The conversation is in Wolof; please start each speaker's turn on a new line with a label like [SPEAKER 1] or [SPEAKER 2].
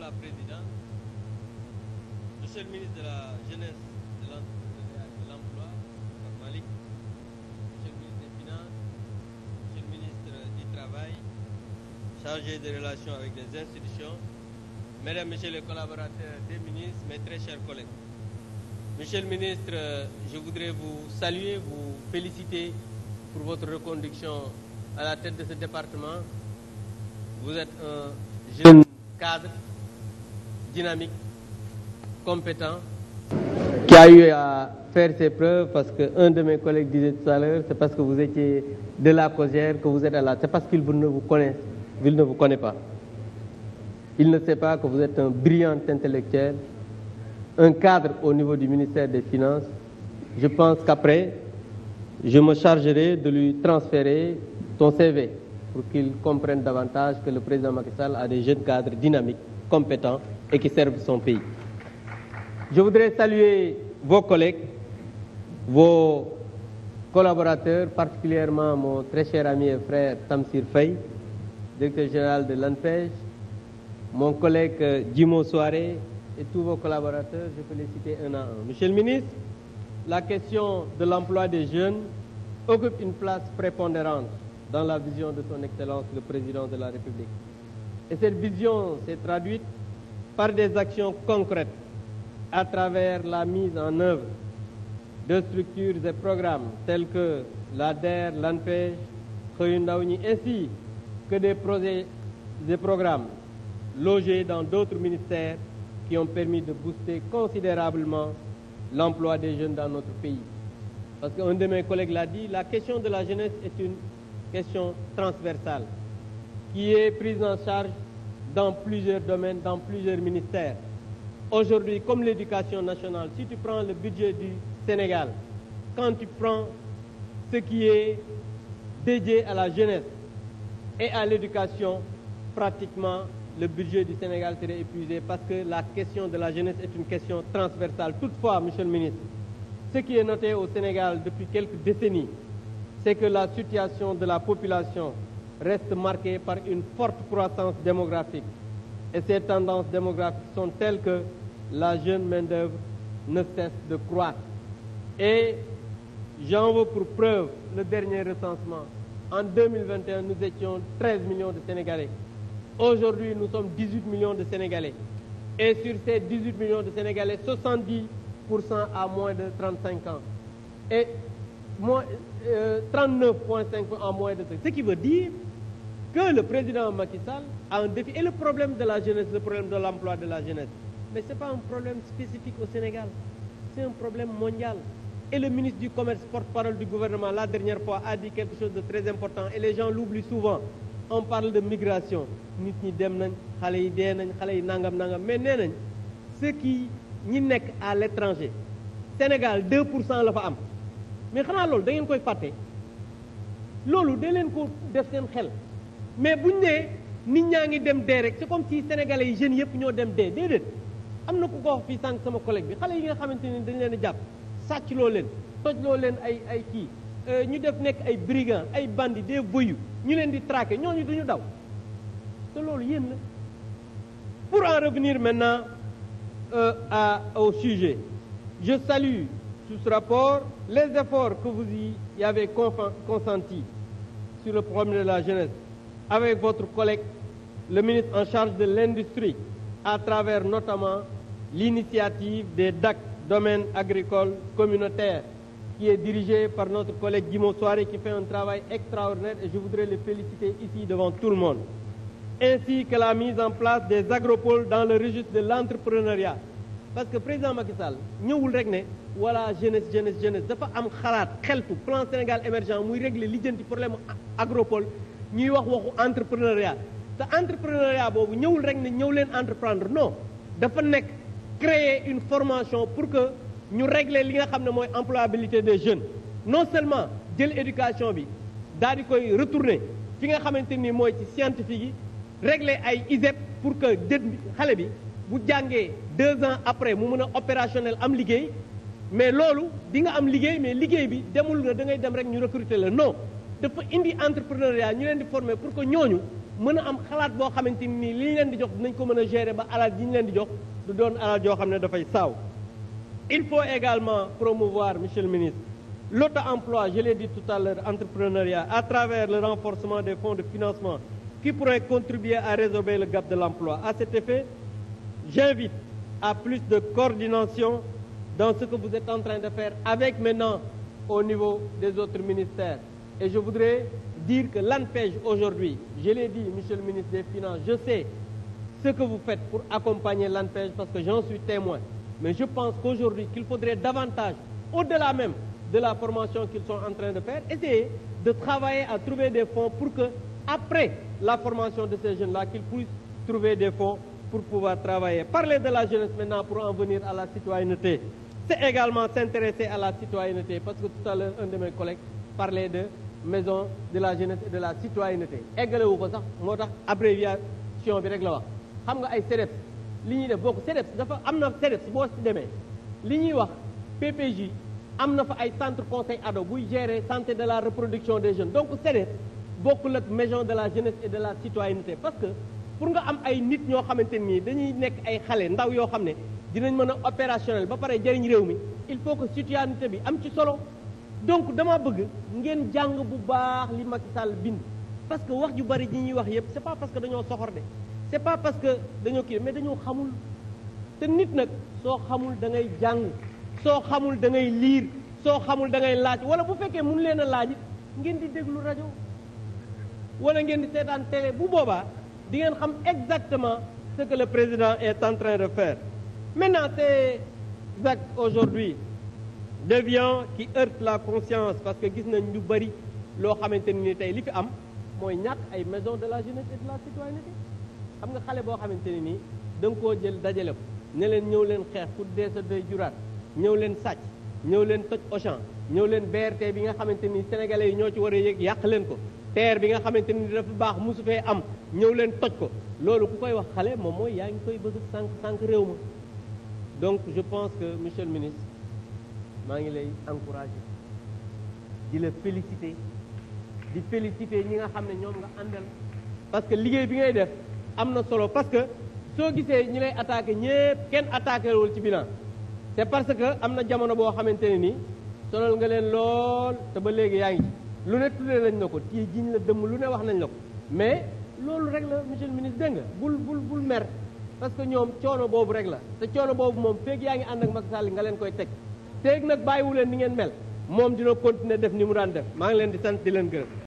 [SPEAKER 1] la Présidente, Monsieur le ministre de la Jeunesse, de l'Emploi, Malik, Monsieur le ministre des Finances, du Travail, chargé des relations avec les institutions, Mesdames, Messieurs les collaborateurs des ministres, mes très chers collègues. Monsieur le ministre, je voudrais vous saluer, vous féliciter pour votre reconduction à la tête de ce département. Vous êtes un jeune cadre dynamique, compétent. Qui a eu à faire ses preuves parce qu'un de mes collègues disait tout à l'heure, c'est parce que vous étiez de la causière que vous êtes à la... C'est parce qu'il ne vous connaît, il ne vous connaît pas. Il ne sait que vous êtes un brillant intellectuel, un cadre au niveau du ministère des Finances. Je pense qu'après, je me chargerai de lui transférer ton CV pour qu'il comprenne davantage que le président Macky Sall a des jeunes cadres dynamiques compétents et qui servent son pays. Je voudrais saluer vos collègues, vos collaborateurs, particulièrement mon très cher ami et frère Tamsir directeur général de l'ANPEJ, mon collègue euh, Jimo Soare et tous vos collaborateurs, je peux les citer un à un. Monsieur le ministre, la question de l'emploi des jeunes occupe une place prépondérante dans la vision de son Excellence le Président de la République. Et cette vision s'est traduite par des actions concrètes à travers la mise en œuvre de structures et programmes tels que l'ADER, l'ANPEJ, Khoyundaouni, ainsi que des projets et programmes logés dans d'autres ministères qui ont permis de booster considérablement l'emploi des jeunes dans notre pays. Parce qu'un de mes collègues l'a dit, la question de la jeunesse est une question transversale. qui est prise en charge dans plusieurs domaines, dans plusieurs ministères. Aujourd'hui, comme l'éducation nationale, si tu prends le budget du Sénégal, quand tu prends ce qui est dédié à la jeunesse et à l'éducation, pratiquement le budget du Sénégal serait épuisé parce que la question de la jeunesse est une question transversale. Toutefois, Monsieur le ministre, ce qui est noté au Sénégal depuis quelques décennies, c'est que la situation de la population reste marquée par une forte croissance démographique. Et ces tendances démographiques sont telles que la jeune main-d'œuvre ne cesse de croître. Et j'en veux pour preuve le dernier recensement. En 2021, nous étions 13 millions de Sénégalais. Aujourd'hui, nous sommes 18 millions de Sénégalais. Et sur ces 18 millions de Sénégalais, 70% à moins de 35 ans. Et moins, euh, 39,5 en moins de 35 que le président Macky Sall a un défi. Et le problème de la jeunesse, le problème de l'emploi de la jeunesse, mais ce n'est pas un problème spécifique au Sénégal, c'est un problème mondial. Et le ministre du Commerce, porte-parole du gouvernement, la dernière fois, a dit quelque chose de très important et les gens l'oublient souvent. On parle de migration. nit ñi dem nañ xale yi dee nañ xale yi nangam nangam mais nee nañ ceux qui ñi nekk à l'étranger Sénégal 2 pour cent la fa am mais xanaa loolu da ngeen koy fàtte loolu da leen ko def seen xel. mais bu ñu nee nit ñaa ngi dem dee rek c'est comme si sénégalais yi jeunes yëpp ñoo dem dee déedéet am na ku ko wax fii sànq sama collègue bi xale yi nga xamante ni dañ leen a jàpp sàcc loo leen toj loo leen ay ay kii euh, ñu def nekk ay brigands ay bandits des voyous ñu leen di traquer ñooñu duñu daw te loolu yéen la pour en revenir maintenant euh, à au sujet je salue sous ce rapport les efforts que vous y avez consentis sur le problème de la jeunesse avec votre collègue, le ministre en charge de l'industrie, à travers notamment l'initiative des DAC, domaines agricoles communautaires, qui est dirigée par notre collègue Guimond Soiré, qui fait un travail extraordinaire et je voudrais le féliciter ici devant tout le monde. Ainsi que la mise en place des agropoles dans le registre de l'entrepreneuriat. parce que président Macky Sall ñëwul rek ne voilà jeunesse jeunesse jeunesse dafa am xalaat xeltu plan Sénégal émergent muy régler lijjanti problème agropole ñuy wax waxu entrepreneuriat te entrepreneuriat boobu ñëwul rek ne ñëw leen entreprendre non dafa nekk créer une formation pour que ñu régler li nga xam ne mooy employabilité des jeunes non seulement jël éducation bi daal di koy retourner fi nga xamante ni mooy ci scientifique yi régler ay ISEP pour que jën xale bi bu jàngee deux ans après mu mën a opérationnel am liggéey mais loolu di nga am liggéey mais liggéey bi demul na da ngay dem rek ñu recruter la non dafa indi entrepreneuriat ñu leen di former pour que ñooñu mën a am xalaat boo xamante ni li ñu leen di jox dinañ ko mën a gérer ba alal ji ñu leen di jox du doon alal joo xam ne dafay saaw il faut également promouvoir monsieur le ministre l'auto-emploi je l'ai dit tout à l'heure entrepreneuriat à travers le renforcement des fonds de financement qui pourraient contribuer à résorber le gap de l'emploi à cet effet j'invite à plus de coordination dans ce que de faire avec maintenant au niveau des autres ministères Et je voudrais dire que l'ANPEJ aujourd'hui, je l'ai dit, monsieur le ministre des Finances, je sais ce que vous faites pour accompagner l'ANPEJ parce que j'en suis témoin. Mais je pense qu'aujourd'hui, qu'il faudrait davantage, au-delà même de la formation qu'ils sont en train de faire, essayer de travailler à trouver des fonds pour que, après la formation de ces jeunes-là, qu'ils puissent trouver des fonds pour pouvoir travailler. Parler de la jeunesse maintenant pour en à la citoyenneté. C'est également s'intéresser à la citoyenneté, parce que tout à maison de la jeunesse et de la citoyenneté eggalewu ko sax moo tax abréviation bi rek la wax xam nga ay CDEPS li ñuy def bokk CDEPS dafa am na CDEPS boo si demee li ñuy wax PPJ am na fa ay centre conseil ado buy gérer santé de la reproduction des jeunes donc CDEPS bokkul ak maison de la jeunesse et de la citoyenneté parce que pour nga am ay nit ñoo xamante nii dañuy nekk ay xale ndaw yoo xam ne dinañ mën a opérationnel ba pare jëriñ réew mi il faut que citoyenneté bi am ci solo donc damaa bëgg ngeen jàng bu baax li Macky Sall bind parce que wax ju bari ji ñuy wax yëpp c'est pas parce que dañoo soxor de c'est pas parce que dañoo kii mais dañoo xamul te nit nag soo xamul da ngay jàng soo xamul dangay ngay liir soo xamul da ngay laaj wala bu fekkee mun leen a laaj it ngeen di déglu rajo wala ngeen di seetaan télé bu boobaa di ngeen xam exactement ce que président et en de de faire maintenant te actes aujourd'hui devient qui heurte la conscience parce que gis nañ ñu bëri loo xamante ni tey li fi am mooy ñàkk ay maison de la jeunesse et de la citoyenneté xam nga xale boo xamante ne nii da nga koo jël dajale ko ne leen ñëw leen xeex pour dee sa doy juraat ñëw leen sàcc ñëw leen toj Auchan ñëw leen BRT bi nga xamante ni sénégalais yi ñoo ci war a yëg yàq leen ko terre bi nga xamante ni dafa baax mosu fee am ñëw leen toj ko loolu ku koy wax xale moom mooy yaa ngi koy bëgg sànq sànq réew ma donc je pense que monsieur le ministre maa ngi lay encouragé di la félicité di félicité ñi nga xam ne ñoom nga àndal parce que liggéey bi ngay def am na solo parce que soo gisee ñi lay attaqué ñépp kenn attaqué wul ci bilan c'est parce que am na jamono boo xamante ne nii sonal nga leen lool te ba léegi yaa ngi lu ne tuddee nañ la ko tii jiñ la dëmm lu ne wax nañ la ko mais loolu rek la monsieur le ministre dégg nga bul bul bul mer parce que ñoom coono boobu rek la te coono boobu moom feeg yaa ngi ànd ak Macky Sall nga leen koy teg teeg nag bàyyiwu leen ni ngeen mel moom dina continuer def ni mu daan def maa ngi leen di sant di leen gërëm